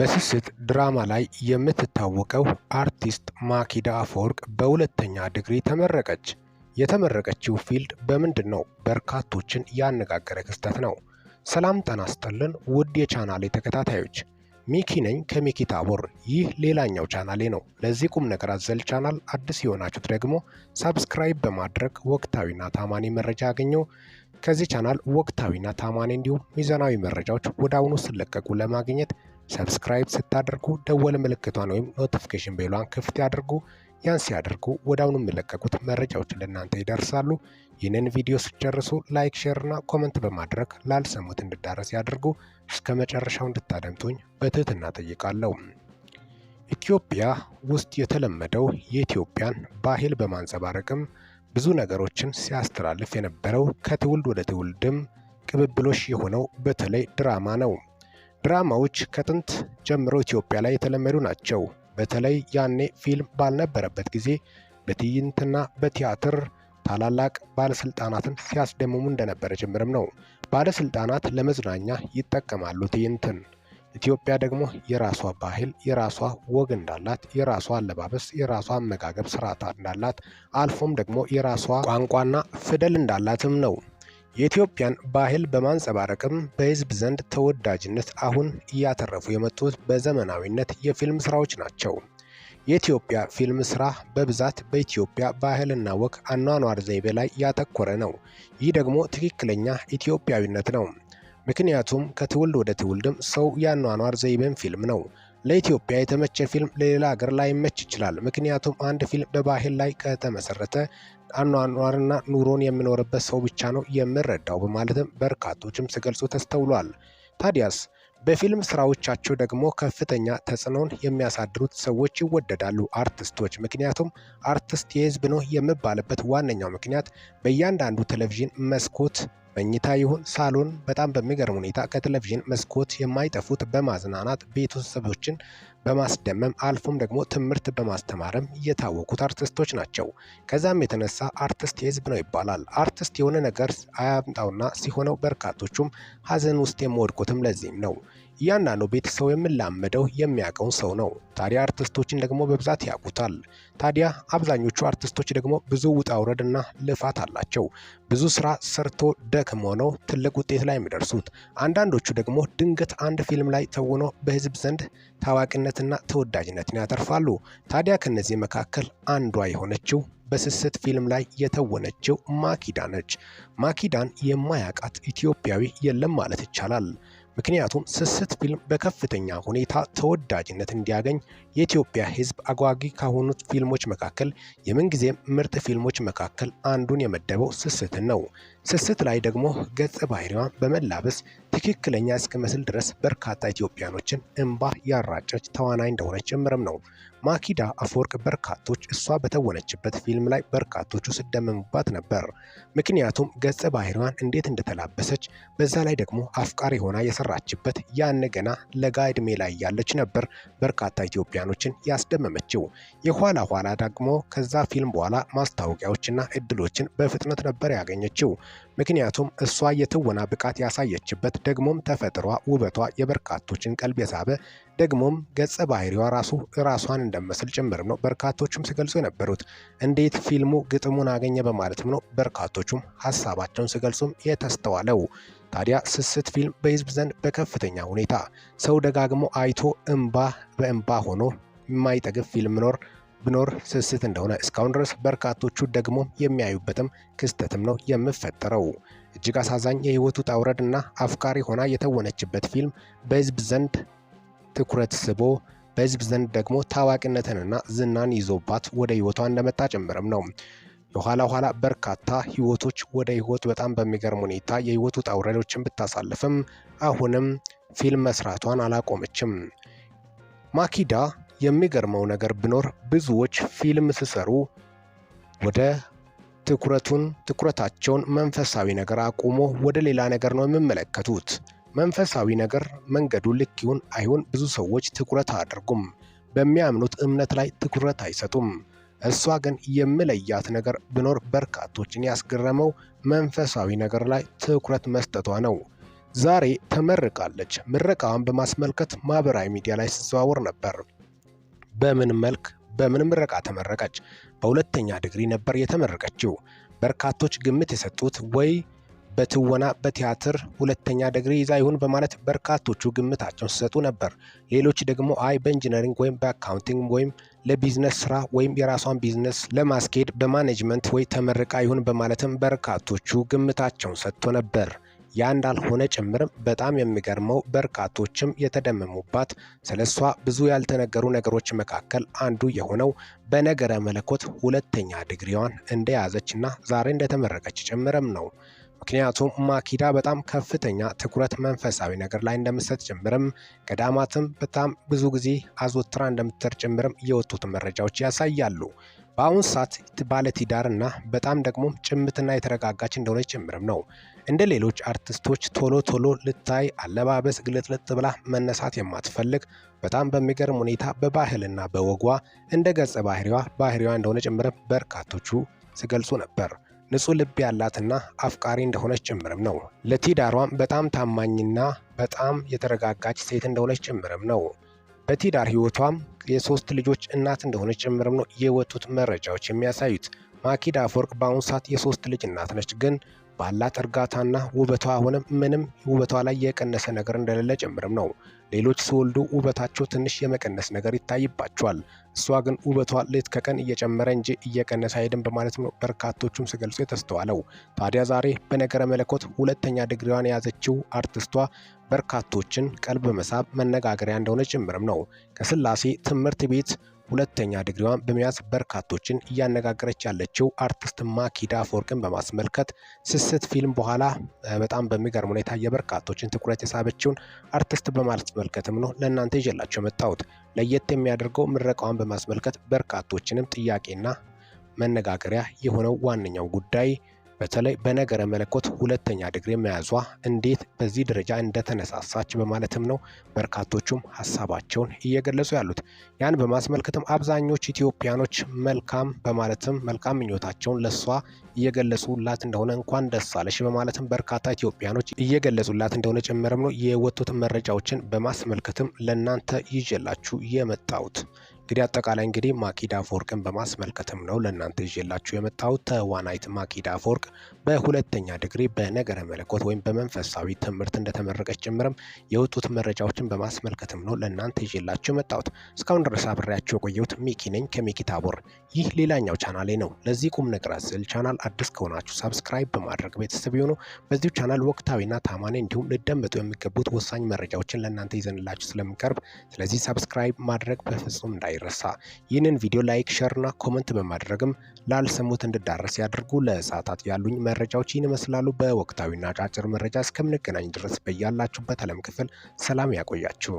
በስስት ድራማ ላይ የምትታወቀው አርቲስት ማኪዳ አፈወርቅ በሁለተኛ ዲግሪ ተመረቀች። የተመረቀችው ፊልድ በምንድን ነው? በርካቶችን ያነጋገረ ክስተት ነው። ሰላም ጤና ይስጥልን ውድ የቻናሌ ተከታታዮች፣ ሚኪ ነኝ ከሚኪ ታቦር። ይህ ሌላኛው ቻናሌ ነው። ለዚህ ቁም ነገር አዘል ቻናል አዲስ የሆናችሁት ደግሞ ሳብስክራይብ በማድረግ ወቅታዊና ታማኒ መረጃ ያገኘው ከዚህ ቻናል ወቅታዊና ታማኒ እንዲሁም ሚዛናዊ መረጃዎች ወደ አሁኑ ስለቀቁ ለማግኘት ሰብስክራይብ ስታደርጉ ደወል ምልክቷን ወይም ኖቲፊኬሽን ቤሏን ክፍት ያድርጉ። ያን ሲያደርጉ ወደ አሁኑ የሚለቀቁት መረጃዎች ለእናንተ ይደርሳሉ። ይህንን ቪዲዮ ስጨርሱ ላይክ፣ ሼር እና ኮመንት በማድረግ ላልሰሙት እንዲዳረስ ያድርጉ። እስከ መጨረሻው እንድታደምጡኝ በትህትና ጠይቃለሁ። ኢትዮጵያ ውስጥ የተለመደው የኢትዮጵያን ባህል በማንጸባረቅም ብዙ ነገሮችን ሲያስተላልፍ የነበረው ከትውልድ ወደ ትውልድም ቅብብሎሽ የሆነው በተለይ ድራማ ነው። ድራማዎች ከጥንት ጀምሮ ኢትዮጵያ ላይ የተለመዱ ናቸው። በተለይ ያኔ ፊልም ባልነበረበት ጊዜ በትዕይንትና በቲያትር ታላላቅ ባለስልጣናትን ሲያስደምሙ እንደነበረ ጭምርም ነው። ባለስልጣናት ለመዝናኛ ይጠቀማሉ ትዕይንትን። ኢትዮጵያ ደግሞ የራሷ ባህል፣ የራሷ ወግ እንዳላት፣ የራሷ አለባበስ፣ የራሷ አመጋገብ ስርዓት እንዳላት አልፎም ደግሞ የራሷ ቋንቋና ፊደል እንዳላትም ነው የኢትዮጵያን ባህል በማንጸባረቅም በህዝብ ዘንድ ተወዳጅነት አሁን እያተረፉ የመጡት በዘመናዊነት የፊልም ስራዎች ናቸው። የኢትዮጵያ ፊልም ስራ በብዛት በኢትዮጵያ ባህልና ወግ አኗኗር ዘይቤ ላይ ያተኮረ ነው። ይህ ደግሞ ትክክለኛ ኢትዮጵያዊነት ነው። ምክንያቱም ከትውልድ ወደ ትውልድም ሰው ያኗኗር ዘይቤን ፊልም ነው ለኢትዮጵያ የተመቸ ፊልም ለሌላ ሀገር ላይመች ይችላል። ምክንያቱም አንድ ፊልም በባህል ላይ ከተመሰረተ አኗኗርና ኑሮን የሚኖርበት ሰው ብቻ ነው የሚረዳው በማለትም በርካቶችም ሲገልጹ ተስተውሏል። ታዲያስ በፊልም ስራዎቻቸው ደግሞ ከፍተኛ ተጽዕኖን የሚያሳድሩት ሰዎች ይወደዳሉ አርቲስቶች። ምክንያቱም አርቲስት የህዝብ ነው የምባልበት ዋነኛው ምክንያት በእያንዳንዱ ቴሌቪዥን መስኮት መኝታ ይሁን ሳሎን በጣም በሚገርም ሁኔታ ከቴሌቪዥን መስኮት የማይጠፉት በማዝናናት ቤተሰቦችን በማስደመም አልፎም ደግሞ ትምህርት በማስተማርም የታወቁት አርቲስቶች ናቸው። ከዛም የተነሳ አርቲስት የህዝብ ነው ይባላል። አርቲስት የሆነ ነገር አያምጣውና ሲሆነው በርካቶቹም ሀዘን ውስጥ የሚወድቁትም ለዚህም ነው። እያንዳንዱ ቤተሰብ የምንላመደው የሚያውቀውን ሰው ነው። ታዲያ አርቲስቶችን ደግሞ በብዛት ያውቁታል። ታዲያ አብዛኞቹ አርቲስቶች ደግሞ ብዙ ውጣ ውረድ እና ልፋት አላቸው። ብዙ ስራ ሰርቶ ደክሞ ነው ትልቅ ውጤት ላይ የሚደርሱት። አንዳንዶቹ ደግሞ ድንገት አንድ ፊልም ላይ ተውኖ በህዝብ ዘንድ ታዋቂነትና ተወዳጅነትን ያተርፋሉ። ታዲያ ከነዚህ መካከል አንዷ የሆነችው በስስት ፊልም ላይ የተወነችው ማኪዳ ነች። ማኪዳን የማያውቃት ኢትዮጵያዊ የለም ማለት ይቻላል። ምክንያቱም ስስት ፊልም በከፍተኛ ሁኔታ ተወዳጅነት እንዲያገኝ የኢትዮጵያ ሕዝብ አጓጊ ካሆኑት ፊልሞች መካከል የምንጊዜም ምርጥ ፊልሞች መካከል አንዱን የመደበው ስስትን ነው። ስስት ላይ ደግሞ ገጸ ባህሪዋን በመላበስ ትክክለኛ እስክመስል ድረስ በርካታ ኢትዮጵያኖችን እንባ ያራጨች ተዋናይ እንደሆነች ጭምርም ነው። ማኪዳ አፈወርቅ በርካቶች እሷ በተወነችበት ፊልም ላይ በርካቶቹ ሲደመሙባት ነበር። ምክንያቱም ገጸ ባህሪዋን እንዴት እንደተላበሰች በዛ ላይ ደግሞ አፍቃሪ ሆና የሰራችበት ያን ገና ለጋ ዕድሜ ላይ ያለች ነበር በርካታ ኢትዮጵያ ተዋንያኖችን ያስደመመችው። የኋላ ኋላ ደግሞ ከዛ ፊልም በኋላ ማስታወቂያዎችና እድሎችን በፍጥነት ነበር ያገኘችው። ምክንያቱም እሷ የትወና ብቃት ያሳየችበት ደግሞም ተፈጥሯ ውበቷ የበርካቶችን ቀልብ የሳበ ደግሞም ገጸ ባህሪዋ ራሱ ራሷን እንደመስል ጭምር ነው በርካቶቹም ሲገልጹ የነበሩት። እንዴት ፊልሙ ግጥሙን አገኘ በማለትም ነው በርካቶቹም ሀሳባቸውን ሲገልጹም የተስተዋለው። ታዲያ ስስት ፊልም በህዝብ ዘንድ በከፍተኛ ሁኔታ ሰው ደጋግሞ አይቶ እምባ በእምባ ሆኖ የማይጠግብ ፊልም ኖር ብኖር ስስት እንደሆነ እስካሁን ድረስ በርካቶቹ ደግሞ የሚያዩበትም ክስተትም ነው የምፈጠረው። እጅግ አሳዛኝ የህይወቱ ውጣ ውረድ እና አፍቃሪ ሆና የተወነችበት ፊልም በህዝብ ዘንድ ትኩረት ስቦ በህዝብ ዘንድ ደግሞ ታዋቂነትንና ዝናን ይዞባት ወደ ህይወቷ እንደመጣ ጭምርም ነው። የኋላ ኋላ በርካታ ህይወቶች ወደ ህይወት በጣም በሚገርም ሁኔታ የህይወት ውጣ ውረዶችን ብታሳልፍም አሁንም ፊልም መስራቷን አላቆመችም። ማኪዳ የሚገርመው ነገር ቢኖር ብዙዎች ፊልም ሲሰሩ ወደ ትኩረቱን ትኩረታቸውን መንፈሳዊ ነገር አቁሞ ወደ ሌላ ነገር ነው የሚመለከቱት። መንፈሳዊ ነገር መንገዱ ልክ ይሁን አይሁን ብዙ ሰዎች ትኩረት አያደርጉም። በሚያምኑት እምነት ላይ ትኩረት አይሰጡም። እሷ ግን የምለያት ነገር ቢኖር በርካቶችን ያስገረመው መንፈሳዊ ነገር ላይ ትኩረት መስጠቷ ነው። ዛሬ ተመርቃለች። ምረቃዋን በማስመልከት ማህበራዊ ሚዲያ ላይ ስትዘዋወር ነበር። በምን መልክ በምን ምረቃ ተመረቀች? በሁለተኛ ዲግሪ ነበር የተመረቀችው። በርካቶች ግምት የሰጡት ወይ በትወና በቲያትር ሁለተኛ ዲግሪ ይዛ ይሁን በማለት በርካቶቹ ግምታቸውን ሲሰጡ ነበር። ሌሎች ደግሞ አይ በኢንጂነሪንግ ወይም በአካውንቲንግ ወይም ለቢዝነስ ስራ ወይም የራሷን ቢዝነስ ለማስኬድ በማኔጅመንት ወይ ተመርቃ ይሁን በማለትም በርካቶቹ ግምታቸውን ሰጥቶ ነበር። ያ እንዳልሆነ ጭምርም በጣም የሚገርመው በርካቶችም የተደመሙባት ስለሷ ብዙ ያልተነገሩ ነገሮች መካከል አንዱ የሆነው በነገረ መለኮት ሁለተኛ ዲግሪዋን እንደያዘችና ዛሬ እንደተመረቀች ጭምርም ነው። ምክንያቱም ማኪዳ በጣም ከፍተኛ ትኩረት መንፈሳዊ ነገር ላይ እንደምትሰጥ ጭምርም ገዳማትም በጣም ብዙ ጊዜ አዘወትራ እንደምትሰጥ ጭምርም የወጡት መረጃዎች ያሳያሉ። በአሁን ሰዓት ባለትዳር እና በጣም ደግሞ ጭምትና የተረጋጋች እንደሆነች ጭምርም ነው። እንደ ሌሎች አርቲስቶች ቶሎ ቶሎ ልታይ አለባበስ ግልጥልጥ ብላ መነሳት የማትፈልግ በጣም በሚገርም ሁኔታ በባህልና በወጓ እንደ ገጸ ባህሪዋ ባህሪዋ እንደሆነ ጭምርም በርካቶቹ ሲገልጹ ነበር። ንጹህ ልብ ያላትና አፍቃሪ እንደሆነች ጭምርም ነው። ለትዳሯም በጣም ታማኝና በጣም የተረጋጋች ሴት እንደሆነች ጭምርም ነው። በትዳር ህይወቷም የሶስት ልጆች እናት እንደሆነች ጭምርም ነው የወጡት መረጃዎች የሚያሳዩት። ማኪዳ አፈወርቅ በአሁኑ ሰዓት የሶስት ልጅ እናት ነች። ግን ባላት እርጋታና ውበቷ አሁንም ምንም ውበቷ ላይ የቀነሰ ነገር እንደሌለ ጭምርም ነው። ሌሎች ሲወልዱ ውበታቸው ትንሽ የመቀነስ ነገር ይታይባቸዋል። እሷ ግን ውበቷ ሌት ከቀን እየጨመረ እንጂ እየቀነሰ አይሄድም በማለት ነው በርካቶቹም ሲገልጹ የተስተዋለው። ታዲያ ዛሬ በነገረ መለኮት ሁለተኛ ዲግሪዋን የያዘችው አርቲስቷ በርካቶችን ቀልብ በመሳብ መነጋገሪያ እንደሆነ ጭምርም ነው። ከስላሴ ትምህርት ቤት ሁለተኛ ዲግሪዋን በመያዝ በርካቶችን እያነጋገረች ያለችው አርቲስት ማኪዳ አፈወርቅን በማስመልከት ስስት ፊልም በኋላ በጣም በሚገርም ሁኔታ የበርካቶችን ትኩረት የሳበችውን አርቲስት በማስመልከትም ነው ለእናንተ ይዤላቸው መጣሁት። ለየት የሚያደርገው ምረቃዋን በማስመልከት በርካቶችንም ጥያቄና መነጋገሪያ የሆነው ዋነኛው ጉዳይ በተለይ በነገረ መለኮት ሁለተኛ ዲግሪ መያዟ እንዴት በዚህ ደረጃ እንደተነሳሳች በማለትም ነው በርካቶቹም ሀሳባቸውን እየገለጹ ያሉት። ያን በማስመልከትም አብዛኞች ኢትዮጵያኖች መልካም በማለትም መልካም ምኞታቸውን ለሷ እየገለጹላት እንደሆነ እንኳን ደስ አለሽ በማለትም በርካታ ኢትዮጵያኖች እየገለጹላት እንደሆነ ጭምርም ነው የወጡት መረጃዎችን በማስመልከትም ለእናንተ ይዤላችሁ የመጣሁት። እንግዲህ አጠቃላይ እንግዲህ ማኪዳ አፈወርቅን በማስመልከትም ነው ለእናንተ ይዤላችሁ የመጣሁት። ተዋናይት ማኪዳ ፎርቅ በሁለተኛ ዲግሪ በነገረ መለኮት ወይም በመንፈሳዊ ትምህርት እንደተመረቀች ጭምርም የወጡት መረጃዎችን በማስመልከትም ነው ለእናንተ ይዤላችሁ የመጣሁት። እስካሁን ድረስ አብሬያችሁ የቆየሁት ሚኪ ነኝ ከሚኪ ታቦር። ይህ ሌላኛው ቻናሌ ነው። ለዚህ ቁም ነገር አዘል ቻናል አዲስ ከሆናችሁ ሰብስክራይብ በማድረግ ቤተሰብ የሆኑ በዚሁ ቻናል ወቅታዊና ታማኒ እንዲሁም ሊደመጡ የሚገቡት ወሳኝ መረጃዎችን ለእናንተ ይዘንላችሁ ስለምቀርብ ስለዚህ ሰብስክራይብ ማድረግ በፍጹም እንዳይረሳ። ይህንን ቪዲዮ ላይክ፣ ሸርና ኮመንት በማድረግም ላልሰሙት እንድዳረስ ያድርጉ። ለሰዓታት ያሉኝ መረጃዎች ይህን ይመስላሉ። በወቅታዊና አጫጭር መረጃ እስከምንገናኝ ድረስ በያላችሁበት ዓለም ክፍል ሰላም ያቆያችሁ።